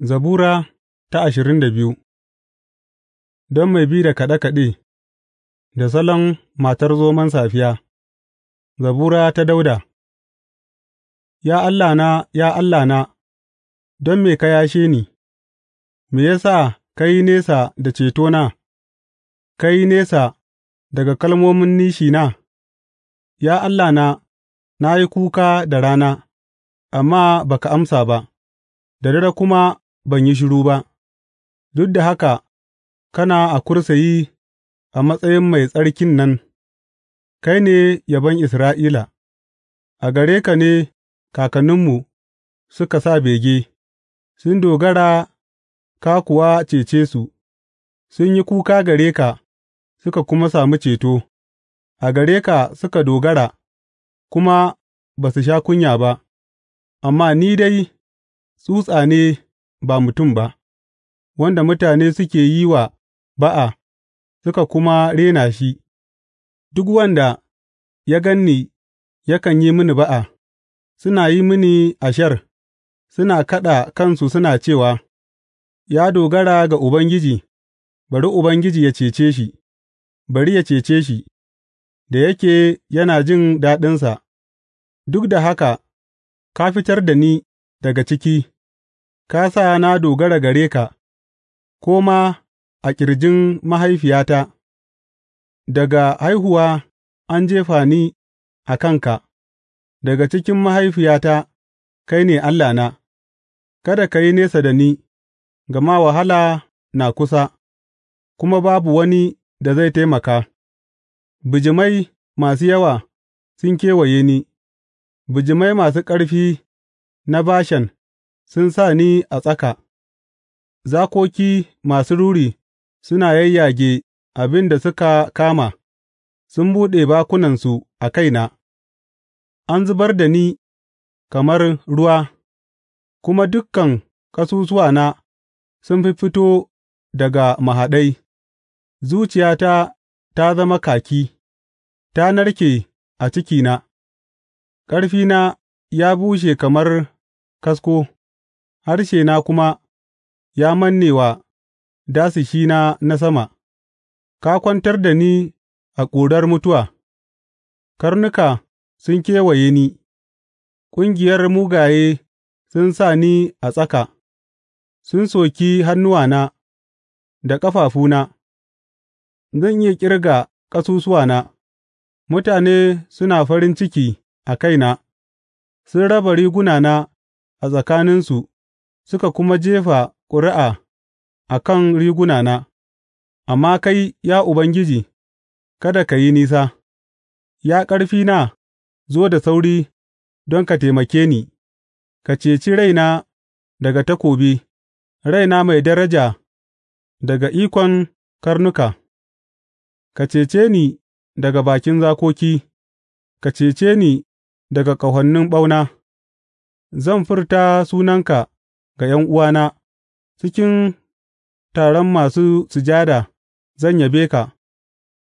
Zabura ta ashirin da biyu Don mai bi da kaɗe kaɗe da salon matar zoman safiya, zabura ta Dauda Ya Allahna, ya Allah na, don me ka yashe ni, me ya sa ka yi nesa da cetona, ka yi nesa daga kalmomin nishi na? Ya Allahna, na yi kuka da rana, amma ba ka amsa ba, da dare kuma ban yi shiru ba, duk da haka kana a kursayi a matsayin Mai Tsarkin nan, kai ne yabon Isra'ila, a gare ka ne kakanninmu suka sa bege, sun dogara ka kuwa cece su, sun yi kuka gare ka suka kuma sami ceto, a gare ka suka dogara kuma ba su sha kunya ba, amma ni dai tsutsa ne. ba mutum ba, wanda mutane suke yi wa ba'a suka kuma rena shi, duk wanda ya gan ni yakan yi mini ba'a, suna yi mini ashar, suna kaɗa kansu suna cewa, Ya dogara ga Ubangiji, bari Ubangiji ya cece shi, bari ya cece shi, da yake yana jin daɗinsa, duk da haka ka fitar da ni daga ciki. ka sa na dogara gare ka, ko ma a ƙirjin mahaifiyata, daga haihuwa an jefa ni a kanka, daga cikin mahaifiyata kai ne Allahna, kada ka yi nesa da ni, gama wahala na kusa, kuma babu wani da zai taimaka, bijimai masu yawa sun kewaye ni, bijimai masu ƙarfi na Bashan. sun sa ni a tsaka; zakoki masu ruri suna yayyage abin da suka kama sun buɗe bakunansu a kaina; an zubar da ni kamar ruwa kuma dukan ƙasusuwana sun fito daga mahaɗai; zuciyata ta zama kaki, ta narke a cikina, ƙarfina ya bushe kamar kasko. Harshena kuma ya manne wa dasashina na sama; ka kwantar da ni a ƙurar mutuwa, karnuka sun kewaye ni, ƙungiyar mugaye sun sa ni a tsaka; sun soki hannuwana da ƙafafuna, zan iya ƙirga ƙasusuwana; mutane suna farin ciki a kaina, sun raba rigunana a tsakaninsu. suka kuma jefa ƙuri'a a kan rigunana, amma kai, ya Ubangiji, kada ka yi nisa, Ya ƙarfina, zo da sauri don ka taimake ni, ka ceci raina daga takobi, raina mai daraja daga ikon karnuka, ka cece ni daga bakin zakoki, ka cece ni daga ƙahonin ɓauna, zan furta sunanka ga ’yan'uwana; cikin taron masu sujada zan yabe ka,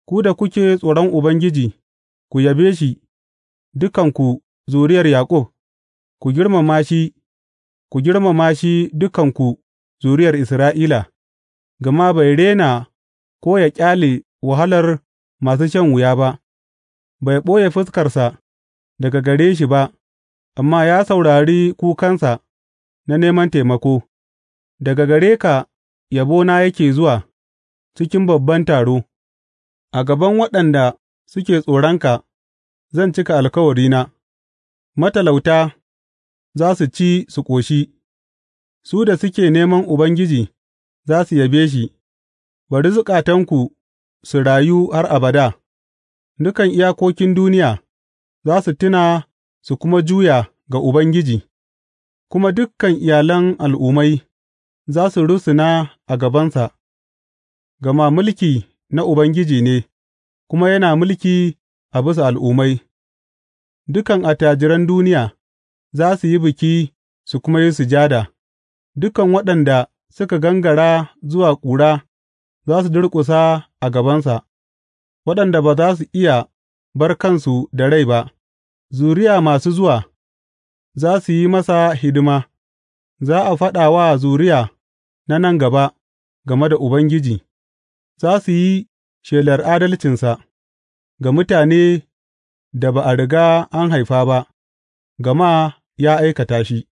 ku da kuke tsoron Ubangiji, ku yabe shi, dukanku zuriyar Yaƙub; ku girmama shi, ku girmama shi dukanku zuriyar Isra'ila, gama bai rena ko ya ƙyale wahalar masu shan wuya ba, bai ɓoye fuskarsa daga gare shi ba amma ya saurari kukansa. na neman taimako; daga gare ka yabona yake zuwa cikin babban taro; a gaban waɗanda suke tsoronka zan cika alkawarina, matalauta za su ci su ƙoshi, su da suke neman Ubangiji za su yabe shi; bari zukatanku su rayu har abada, dukan iyakokin duniya za su tuna su kuma juya ga Ubangiji. kuma dukan iyalan al'ummai za su rusuna a gabansa, gama mulki na Ubangiji ne, kuma yana mulki a bisa al'ummai; dukan attajiran duniya za su yi biki su kuma yi sujada, dukan waɗanda suka gangara zuwa ƙura za su durƙusa a gabansa, waɗanda ba za su iya bar kansu da rai ba, zuriya masu zuwa. za su yi masa hidima, za a faɗa wa zuriya na nan gaba game da Ubangiji, za su yi shelar adalcinsa ga mutane da ba a riga an haifa ba, gama ya aikata shi.